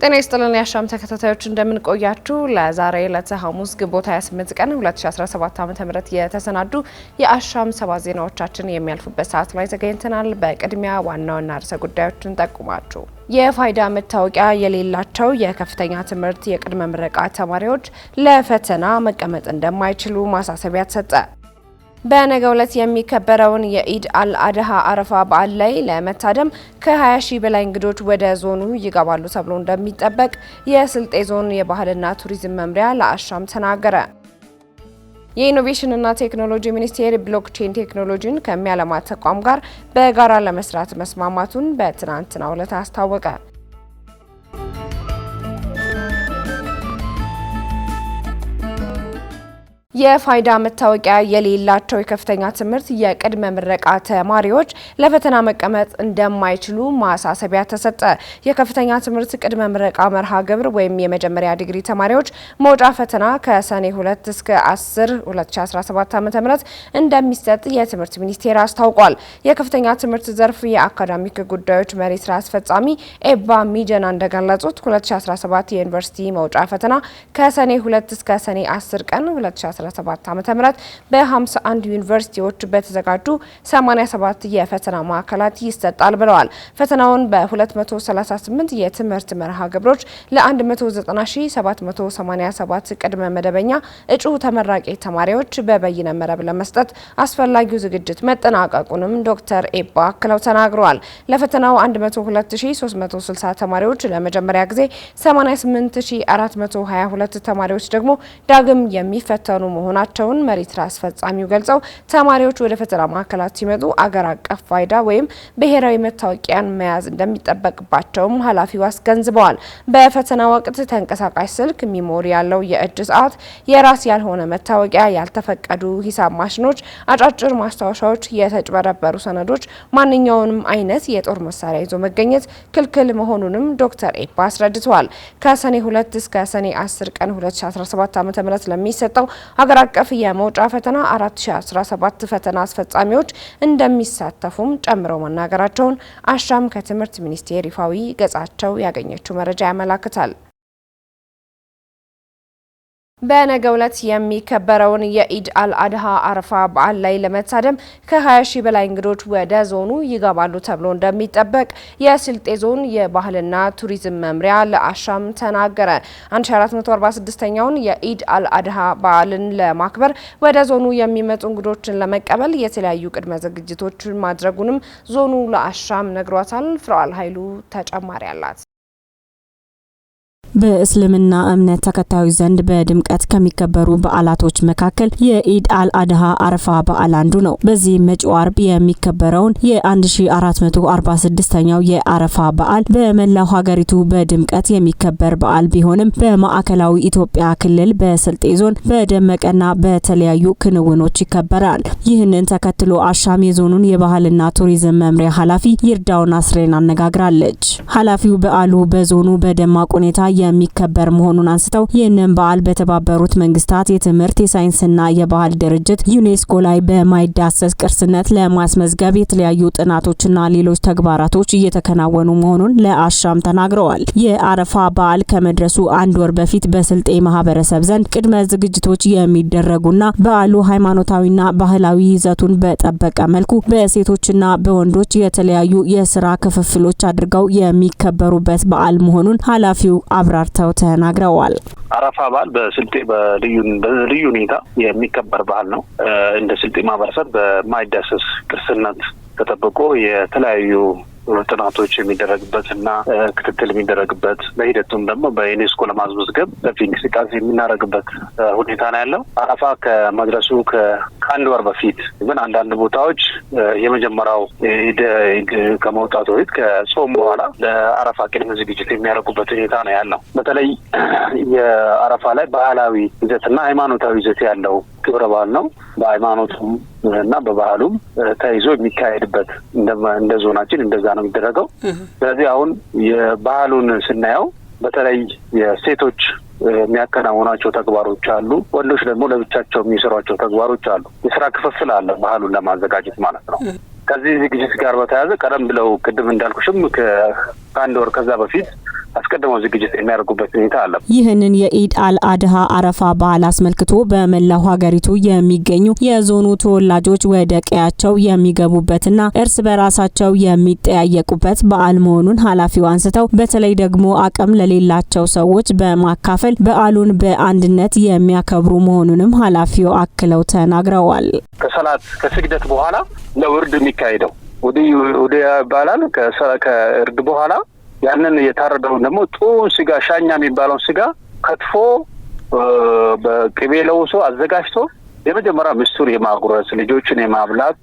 ጤና ይስጥልን የአሻም ተከታታዮች እንደምን ቆያችሁ? ለዛሬ ዕለተ ሐሙስ ግንቦት 28 ቀን 2017 ዓ.ም የተሰናዱ የአሻም ሰባት ዜናዎቻችን የሚያልፉበት ሰዓት ላይ ተገኝተናል። በቅድሚያ ዋና ዋና ርዕሰ ጉዳዮችን ጠቁማችሁ የፋይዳ መታወቂያ የሌላቸው የከፍተኛ ትምህርት የቅድመ ምረቃ ተማሪዎች ለፈተና መቀመጥ እንደማይችሉ ማሳሰቢያ ተሰጠ። በነገ ዕለት የሚከበረውን የኢድ አል አድሃ አረፋ በዓል ላይ ለመታደም ከ20 ሺህ በላይ እንግዶች ወደ ዞኑ ይገባሉ ተብሎ እንደሚጠበቅ የስልጤ ዞን የባህልና ቱሪዝም መምሪያ ለአሻም ተናገረ። የኢኖቬሽንና ቴክኖሎጂ ሚኒስቴር ብሎክቼን ቴክኖሎጂን ከሚያለማ ተቋም ጋር በጋራ ለመስራት መስማማቱን በትናንትናው ዕለት አስታወቀ። የፋይዳ መታወቂያ የሌላቸው የከፍተኛ ትምህርት የቅድመ ምረቃ ተማሪዎች ለፈተና መቀመጥ እንደማይችሉ ማሳሰቢያ ተሰጠ። የከፍተኛ ትምህርት ቅድመ ምረቃ መርሃ ግብር ወይም የመጀመሪያ ዲግሪ ተማሪዎች መውጫ ፈተና ከሰኔ 2 እስከ 10 2017 ዓ.ም እንደሚሰጥ የትምህርት ሚኒስቴር አስታውቋል። የከፍተኛ ትምህርት ዘርፍ የአካዳሚክ ጉዳዮች መሪ ስራ አስፈጻሚ ኤባ ሚጀና እንደገለጹት 2017 የዩኒቨርሲቲ መውጫ ፈተና ከሰኔ 2 እስከ ሰኔ 10 ቀን 2017 ዓ.ም በ51 ዩኒቨርሲቲዎች በተዘጋጁ 87 የፈተና ማዕከላት ይሰጣል ብለዋል። ፈተናውን በ238 የትምህርት መርሃ ግብሮች ለ190787 ቅድመ መደበኛ እጩ ተመራቂ ተማሪዎች በበይነ መረብ ለመስጠት አስፈላጊው ዝግጅት መጠናቀቁንም ዶክተር ኤባ አክለው ተናግረዋል። ለፈተናው 102360 ተማሪዎች ለመጀመሪያ ጊዜ 88422 ተማሪዎች ደግሞ ዳግም የሚፈተኑ መሆናቸውን መሪ ስራ አስፈጻሚው ገልጸው ተማሪዎች ወደ ፈተና ማዕከላት ሲመጡ አገር አቀፍ ፋይዳ ወይም ብሔራዊ መታወቂያን መያዝ እንደሚጠበቅባቸውም ኃላፊው አስገንዝበዋል። በፈተና ወቅት ተንቀሳቃሽ ስልክ፣ ሚሞሪ ያለው የእጅ ሰዓት፣ የራስ ያልሆነ መታወቂያ፣ ያልተፈቀዱ ሂሳብ ማሽኖች፣ አጫጭር ማስታወሻዎች፣ የተጭበረበሩ ሰነዶች፣ ማንኛውንም አይነት የጦር መሳሪያ ይዞ መገኘት ክልክል መሆኑንም ዶክተር ኤባ አስረድተዋል። ከሰኔ 2 እስከ ሰኔ 10 ቀን 2017 ዓ.ም ለሚሰጠው በሀገር አቀፍ የመውጫ ፈተና 2017 ፈተና አስፈጻሚዎች እንደሚሳተፉም ጨምረው መናገራቸውን አሻም ከትምህርት ሚኒስቴር ይፋዊ ገጻቸው ያገኘችው መረጃ ያመላክታል። በነገ ዕለት የሚከበረውን የኢድ አልአድሃ አረፋ በዓል ላይ ለመታደም ከ20 ሺህ በላይ እንግዶች ወደ ዞኑ ይገባሉ ተብሎ እንደሚጠበቅ የስልጤ ዞን የባህልና ቱሪዝም መምሪያ ለአሻም ተናገረ። 1446ኛውን የኢድ አልአድሃ በዓልን ለማክበር ወደ ዞኑ የሚመጡ እንግዶችን ለመቀበል የተለያዩ ቅድመ ዝግጅቶችን ማድረጉንም ዞኑ ለአሻም ነግሯታል። ፍረዋል ኃይሉ ተጨማሪ አላት። በእስልምና እምነት ተከታዮች ዘንድ በድምቀት ከሚከበሩ በዓላቶች መካከል የኢድ አል አድሃ አረፋ በዓል አንዱ ነው። በዚህ መጪው አርብ የሚከበረውን የ1446ኛው የአረፋ በዓል በመላው ሀገሪቱ በድምቀት የሚከበር በዓል ቢሆንም በማዕከላዊ ኢትዮጵያ ክልል በስልጤ ዞን በደመቀና በተለያዩ ክንውኖች ይከበራል። ይህንን ተከትሎ አሻም የዞኑን የባህልና ቱሪዝም መምሪያ ኃላፊ ይርዳውን አስሬን አነጋግራለች። ኃላፊው በዓሉ በዞኑ በደማቅ ሁኔታ የሚከበር መሆኑን አንስተው ይህንን በዓል በተባበሩት መንግስታት የትምህርት የሳይንስና የባህል ድርጅት ዩኔስኮ ላይ በማይዳሰስ ቅርስነት ለማስመዝገብ የተለያዩ ጥናቶችና ሌሎች ተግባራቶች እየተከናወኑ መሆኑን ለአሻም ተናግረዋል። የአረፋ በዓል ከመድረሱ አንድ ወር በፊት በስልጤ ማህበረሰብ ዘንድ ቅድመ ዝግጅቶች የሚደረጉና በዓሉ ሃይማኖታዊና ባህላዊ ይዘቱን በጠበቀ መልኩ በሴቶችና በወንዶች የተለያዩ የስራ ክፍፍሎች አድርገው የሚከበሩበት በዓል መሆኑን ኃላፊው አብራርተው ተናግረዋል። አረፋ በዓል በስልጤ በልዩ ሁኔታ የሚከበር በዓል ነው። እንደ ስልጤ ማህበረሰብ በማይዳሰስ ቅርስነት ተጠብቆ የተለያዩ ጥናቶች የሚደረግበት እና ክትትል የሚደረግበት በሂደቱም ደግሞ በዩኔስኮ ለማስመዝገብ ሰፊ እንቅስቃሴ የምናደርግበት ሁኔታ ነው ያለው። አረፋ ከመድረሱ ከአንድ ወር በፊት ግን አንዳንድ ቦታዎች የመጀመሪያው ከመውጣቱ በፊት ከጾም በኋላ ለአረፋ ቅድመ ዝግጅት የሚያደርጉበት ሁኔታ ነው ያለው። በተለይ የአረፋ ላይ ባህላዊ ይዘትና ሃይማኖታዊ ይዘት ያለው ክብረ በዓል ነው። በሃይማኖቱም እና በባህሉም ተይዞ የሚካሄድበት እንደ ዞናችን እንደዛ ነው የሚደረገው። ስለዚህ አሁን የባህሉን ስናየው በተለይ የሴቶች የሚያከናውናቸው ተግባሮች አሉ። ወንዶች ደግሞ ለብቻቸው የሚሰሯቸው ተግባሮች አሉ። የስራ ክፍፍል አለ፣ ባህሉን ለማዘጋጀት ማለት ነው። ከዚህ ዝግጅት ጋር በተያያዘ ቀደም ብለው ቅድም እንዳልኩሽም ከአንድ ወር ከዛ በፊት አስቀድመው ዝግጅት የሚያደርጉበት ሁኔታ አለ። ይህንን የኢድ አል አድሃ አረፋ በዓል አስመልክቶ በመላው ሀገሪቱ የሚገኙ የዞኑ ተወላጆች ወደ ቀያቸው የሚገቡበትና እርስ በራሳቸው የሚጠያየቁበት በዓል መሆኑን ኃላፊው አንስተው በተለይ ደግሞ አቅም ለሌላቸው ሰዎች በማካፈል በዓሉን በአንድነት የሚያከብሩ መሆኑንም ኃላፊው አክለው ተናግረዋል። ከሰላት ከስግደት በኋላ ለውርድ የሚካሄደው ወደ ይባላል። ከእርድ በኋላ ያንን የታረደውን ደግሞ ጡን ስጋ ሻኛ የሚባለውን ስጋ ከትፎ በቅቤ ለውሶ አዘጋጅቶ የመጀመሪያ ምስቱን የማጉረስ ልጆችን የማብላት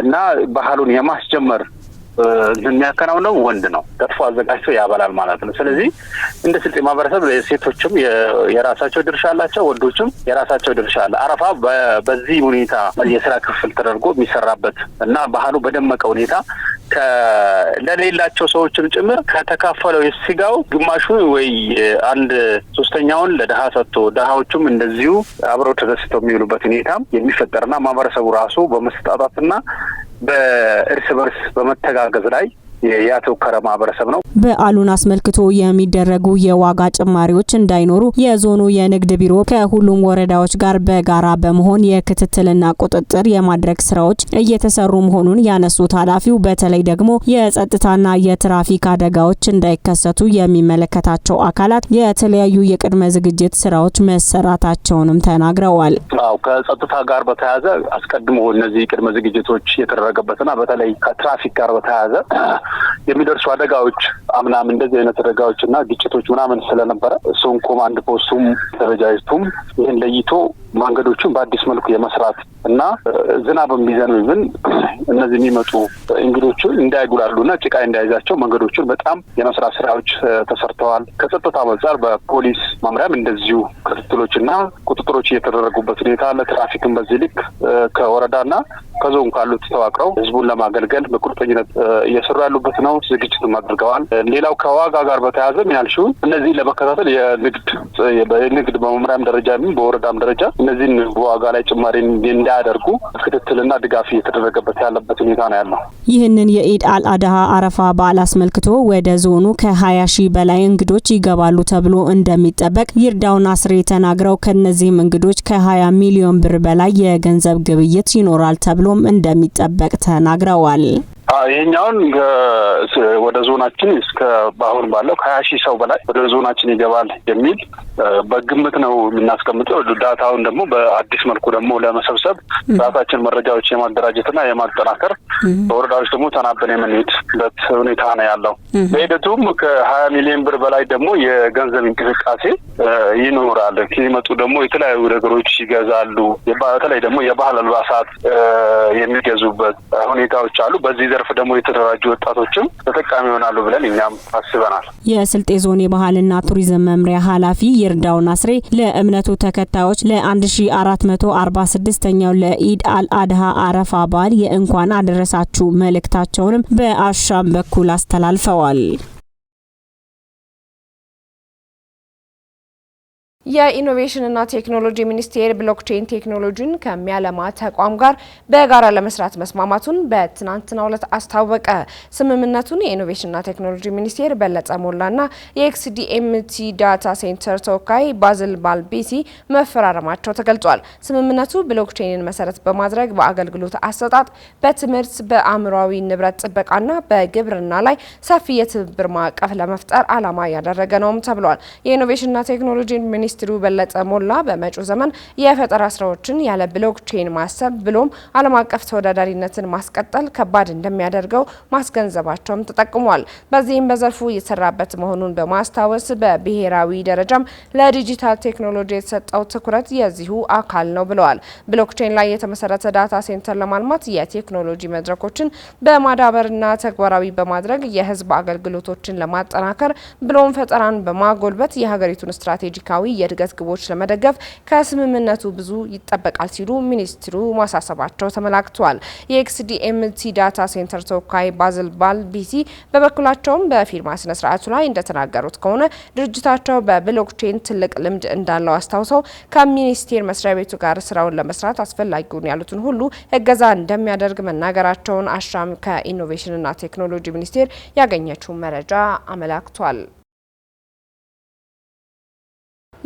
እና ባህሉን የማስጀመር የሚያከናውነው ወንድ ነው። ከትፎ አዘጋጅቶ ያበላል ማለት ነው። ስለዚህ እንደ ስልጤ ማህበረሰብ ሴቶችም የራሳቸው ድርሻ አላቸው፣ ወንዶችም የራሳቸው ድርሻ አለ። አረፋ በዚህ ሁኔታ የስራ ክፍል ተደርጎ የሚሰራበት እና ባህሉ በደመቀ ሁኔታ ለሌላቸው ሰዎችም ጭምር ከተካፈለው የስጋው ግማሹ ወይ አንድ ሶስተኛውን ለድሀ ሰጥቶ ድሀዎቹም እንደዚሁ አብረው ተደስተው የሚውሉበት ሁኔታም የሚፈጠርና ማህበረሰቡ ራሱ በመሰጣጣትና በእርስ በርስ በመተጋገዝ ላይ ያተወከረ ማህበረሰብ ነው። በዓሉን አስመልክቶ የሚደረጉ የዋጋ ጭማሪዎች እንዳይኖሩ የዞኑ የንግድ ቢሮ ከሁሉም ወረዳዎች ጋር በጋራ በመሆን የክትትልና ቁጥጥር የማድረግ ስራዎች እየተሰሩ መሆኑን ያነሱት ኃላፊው በተለይ ደግሞ የጸጥታና የትራፊክ አደጋዎች እንዳይከሰቱ የሚመለከታቸው አካላት የተለያዩ የቅድመ ዝግጅት ስራዎች መሰራታቸውንም ተናግረዋል። አዎ ከጸጥታ ጋር በተያያዘ አስቀድሞ እነዚህ ቅድመ ዝግጅቶች የተደረገበትና በተለይ ከትራፊክ ጋር በተያያዘ የሚደርሱ አደጋዎች አምናም እንደዚህ አይነት አደጋዎች እና ግጭቶች ምናምን ስለነበረ እሱን ኮማንድ ፖስቱም ደረጃጅቱም ይህን ለይቶ መንገዶቹን በአዲስ መልኩ የመስራት እና ዝናብ ቢዘንብብን እነዚህ የሚመጡ እንግዶቹ እንዳይጉላሉ እና ጭቃ እንዳይዛቸው መንገዶቹን በጣም የመስራት ስራዎች ተሰርተዋል። ከጸጥታ አንጻር በፖሊስ መምሪያም እንደዚሁ ክትትሎች እና ቁጥጥሮች እየተደረጉበት ሁኔታ አለ። ትራፊክን በዚህ ልክ ከወረዳና ከዞን ካሉት ተዋቅረው ህዝቡን ለማገልገል በቁርጠኝነት እየሰሩ ያሉበት ነው። ዝግጅትም አድርገዋል። ሌላው ከዋጋ ጋር በተያያዘ ምናልሽውን እነዚህን ለመከታተል የንግድ የንግድ በመምሪያም ደረጃ በወረዳም ደረጃ እነዚህን በዋጋ ላይ ጭማሪ እንዳያደርጉ ክትትልና ድጋፍ እየተደረገበት ያለበት ሁኔታ ነው ያለው። ይህንን የኢድ አልአድሃ አረፋ በዓል አስመልክቶ ወደ ዞኑ ከሀያ ሺህ በላይ እንግዶች ይገባሉ ተብሎ እንደሚጠበቅ ይርዳውን አስሬ ተናግረው ከእነዚህም እንግዶች ከሀያ ሚሊዮን ብር በላይ የገንዘብ ግብይት ይኖራል ተብሎ እንደሚጠበቅ ተናግረዋል። ይህኛውን ወደ ዞናችን እስከ አሁን ባለው ከሀያ ሺህ ሰው በላይ ወደ ዞናችን ይገባል የሚል በግምት ነው የምናስቀምጠው። ዳታውን ደግሞ በአዲስ መልኩ ደግሞ ለመሰብሰብ ራሳችን መረጃዎች የማደራጀትና የማጠናከር በወረዳዎች ደግሞ ተናበን የምንሄድበት ሁኔታ ነው ያለው። በሂደቱም ከሀያ ሚሊዮን ብር በላይ ደግሞ የገንዘብ እንቅስቃሴ ይኖራል። ሲመጡ ደግሞ የተለያዩ ነገሮች ይገዛሉ። በተለይ ደግሞ የባህል አልባሳት የሚገዙበት ሁኔታዎች አሉ። በዚህ ዘርፍ ደግሞ የተደራጁ ወጣቶችም ተጠቃሚ ይሆናሉ ብለን እኛም አስበናል። የስልጤ ዞን የባህልና ቱሪዝም መምሪያ ኃላፊ ይርዳው አስሬ ለእምነቱ ተከታዮች ለ1446ኛው ለኢድ አልአድሃ አረፋ በዓል የእንኳን አደረሳችሁ መልእክታቸውንም በአሻም በኩል አስተላልፈዋል። የኢኖቬሽንና ቴክኖሎጂ ሚኒስቴር ብሎክቼን ቴክኖሎጂን ከሚያለማ ተቋም ጋር በጋራ ለመስራት መስማማቱን በትናንትናው ዕለት አስታወቀ። ስምምነቱን የኢኖቬሽንና ቴክኖሎጂ ሚኒስቴር በለጠ ሞላና የኤክስዲኤምቲ ዳታ ሴንተር ተወካይ ባዝል ባልቢሲ መፈራረማቸው ተገልጿል። ስምምነቱ ብሎክቼንን መሰረት በማድረግ በአገልግሎት አሰጣጥ፣ በትምህርት፣ በአእምሯዊ ንብረት ጥበቃና በግብርና ላይ ሰፊ የትብብር ማዕቀፍ ለመፍጠር ዓላማ ያደረገ ነውም ተብሏል። የኢኖቬሽንና ቴክኖሎጂ ሚኒስትሩ በለጠ ሞላ በመጪው ዘመን የፈጠራ ስራዎችን ያለ ብሎክቼን ማሰብ ብሎም ዓለም አቀፍ ተወዳዳሪነትን ማስቀጠል ከባድ እንደሚያደርገው ማስገንዘባቸውም ተጠቅሟል። በዚህም በዘርፉ እየተሰራበት መሆኑን በማስታወስ በብሔራዊ ደረጃም ለዲጂታል ቴክኖሎጂ የተሰጠው ትኩረት የዚሁ አካል ነው ብለዋል። ብሎክቼን ላይ የተመሰረተ ዳታ ሴንተር ለማልማት የቴክኖሎጂ መድረኮችን በማዳበርና ተግባራዊ በማድረግ የህዝብ አገልግሎቶችን ለማጠናከር ብሎም ፈጠራን በማጎልበት የሀገሪቱን ስትራቴጂካዊ የእድገት ግቦች ለመደገፍ ከስምምነቱ ብዙ ይጠበቃል ሲሉ ሚኒስትሩ ማሳሰባቸው ተመላክቷል። የኤክስዲኤምቲ ዳታ ሴንተር ተወካይ ባዝል ባል ቢሲ በበኩላቸውም በፊርማ ስነ ስርዓቱ ላይ እንደተናገሩት ከሆነ ድርጅታቸው በብሎክቼን ትልቅ ልምድ እንዳለው አስታውሰው ከሚኒስቴር መስሪያ ቤቱ ጋር ስራውን ለመስራት አስፈላጊውን ያሉትን ሁሉ እገዛ እንደሚያደርግ መናገራቸውን አሻም ከኢኖቬሽንና ቴክኖሎጂ ሚኒስቴር ያገኘችው መረጃ አመላክቷል።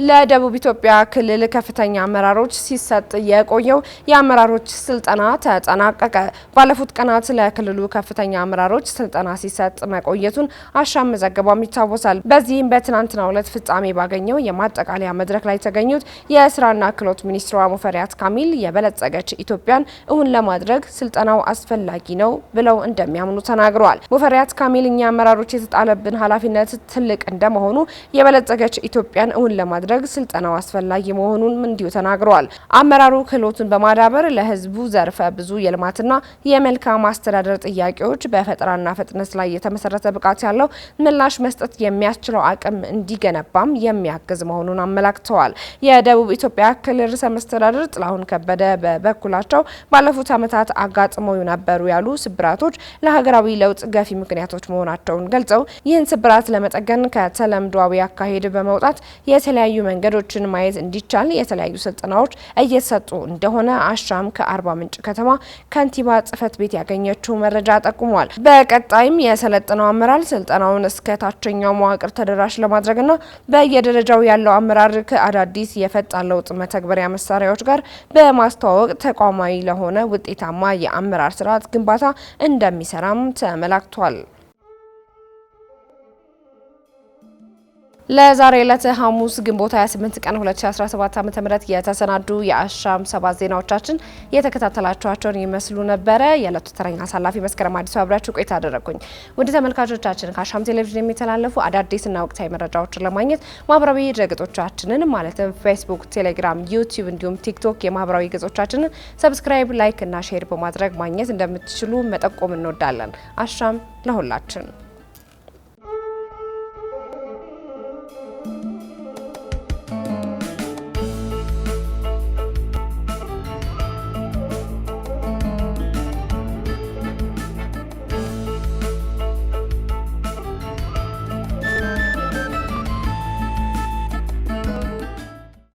ለደቡብ ኢትዮጵያ ክልል ከፍተኛ አመራሮች ሲሰጥ የቆየው የአመራሮች ስልጠና ተጠናቀቀ። ባለፉት ቀናት ለክልሉ ከፍተኛ አመራሮች ስልጠና ሲሰጥ መቆየቱን አሻም መዘገቧም ይታወሳል። በዚህም በትናንትናው ዕለት ፍጻሜ ባገኘው የማጠቃለያ መድረክ ላይ የተገኙት የስራና ክህሎት ሚኒስትሯ ሙፈሪያት ካሚል የበለጸገች ኢትዮጵያን እውን ለማድረግ ስልጠናው አስፈላጊ ነው ብለው እንደሚያምኑ ተናግረዋል። ሙፈሪያት ካሚል እኛ አመራሮች የተጣለብን ኃላፊነት ትልቅ እንደመሆኑ የበለጸገች ኢትዮጵያን እውን ለማድረግ ለማድረግ ስልጠናው አስፈላጊ መሆኑን እንዲሁ ተናግረዋል። አመራሩ ክህሎቱን በማዳበር ለህዝቡ ዘርፈ ብዙ የልማትና የመልካም አስተዳደር ጥያቄዎች በፈጠራና ፍጥነት ላይ የተመሰረተ ብቃት ያለው ምላሽ መስጠት የሚያስችለው አቅም እንዲገነባም የሚያግዝ መሆኑን አመላክተዋል። የደቡብ ኢትዮጵያ ክልል ርዕሰ መስተዳድር ጥላሁን ከበደ በበኩላቸው ባለፉት ዓመታት አጋጥመው ነበሩ ያሉ ስብራቶች ለሀገራዊ ለውጥ ገፊ ምክንያቶች መሆናቸውን ገልጸው ይህን ስብራት ለመጠገን ከተለምዷዊ አካሄድ በመውጣት የተለያዩ የተለያዩ መንገዶችን ማየት እንዲቻል የተለያዩ ስልጠናዎች እየተሰጡ እንደሆነ አሻም ከአርባ ምንጭ ከተማ ከንቲባ ጽህፈት ቤት ያገኘችው መረጃ ጠቁሟል። በቀጣይም የሰለጠነው አመራር ስልጠናውን እስከ ታችኛው መዋቅር ተደራሽ ለማድረግና በየደረጃው ያለው አመራር ከአዳዲስ የፈጣን ለውጥ መተግበሪያ መሳሪያዎች ጋር በማስተዋወቅ ተቋማዊ ለሆነ ውጤታማ የአመራር ስርዓት ግንባታ እንደሚሰራም ተመላክቷል። ለዛሬ ዕለት ሐሙስ ግንቦት 28 ቀን 2017 ዓ.ም የተሰናዱ የአሻም ሰባት ዜናዎቻችን የተከታተላችኋቸውን ይመስሉ ነበረ። የዕለቱ ተረኛ አሳላፊ መስከረም አዲሱ አብራችሁ ቆይታ አደረግኩኝ። ውድ ተመልካቾቻችን ከአሻም ቴሌቪዥን የሚተላለፉ አዳዲስና ወቅታዊ መረጃዎችን ለማግኘት ማህበራዊ ድረገጾቻችንን ማለትም ፌስቡክ፣ ቴሌግራም፣ ዩቲዩብ እንዲሁም ቲክቶክ የማህበራዊ ገጾቻችንን ሰብስክራይብ፣ ላይክ እና ሼር በማድረግ ማግኘት እንደምትችሉ መጠቆም እንወዳለን። አሻም ለሁላችን!